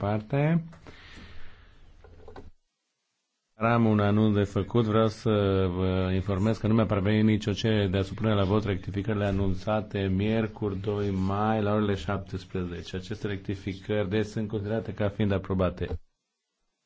departe. Am un anunț de făcut, vreau să vă informez că nu mi-a parvenit nicio cerere de a supune la vot rectificările anunțate miercuri 2 mai la orele 17. Aceste rectificări deci sunt considerate ca fiind aprobate.